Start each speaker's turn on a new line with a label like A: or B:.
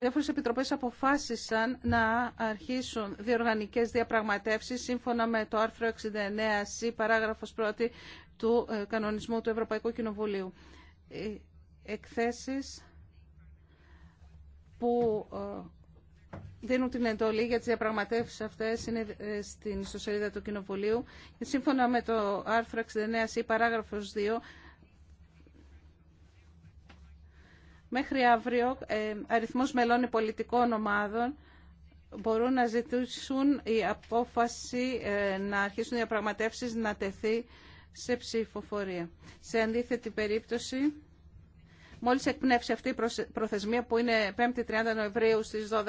A: Διάφορε επιτροπές αποφάσισαν να αρχίσουν διοργανικές διαπραγματεύσεις σύμφωνα με το άρθρο 69C παράγραφος 1 του ε, κανονισμού του Ευρωπαϊκού Κοινοβουλίου. Οι εκθέσεις που ε, δίνουν την εντολή για τις διαπραγματεύσεις αυτές είναι ε, στην ιστοσελίδα του Κοινοβουλίου. Σύμφωνα με το άρθρο 69C παράγραφος 2 Μέχρι αύριο ε, αριθμός μελών πολιτικών ομάδων μπορούν να ζητήσουν η απόφαση ε, να αρχίσουν οι διαπραγματεύσεις να τεθεί σε ψηφοφορία. Σε αντίθετη περίπτωση, μόλις εκπνεύσει αυτή η προθεσμία που είναι 5η 30
B: Νοεμβρίου στις 12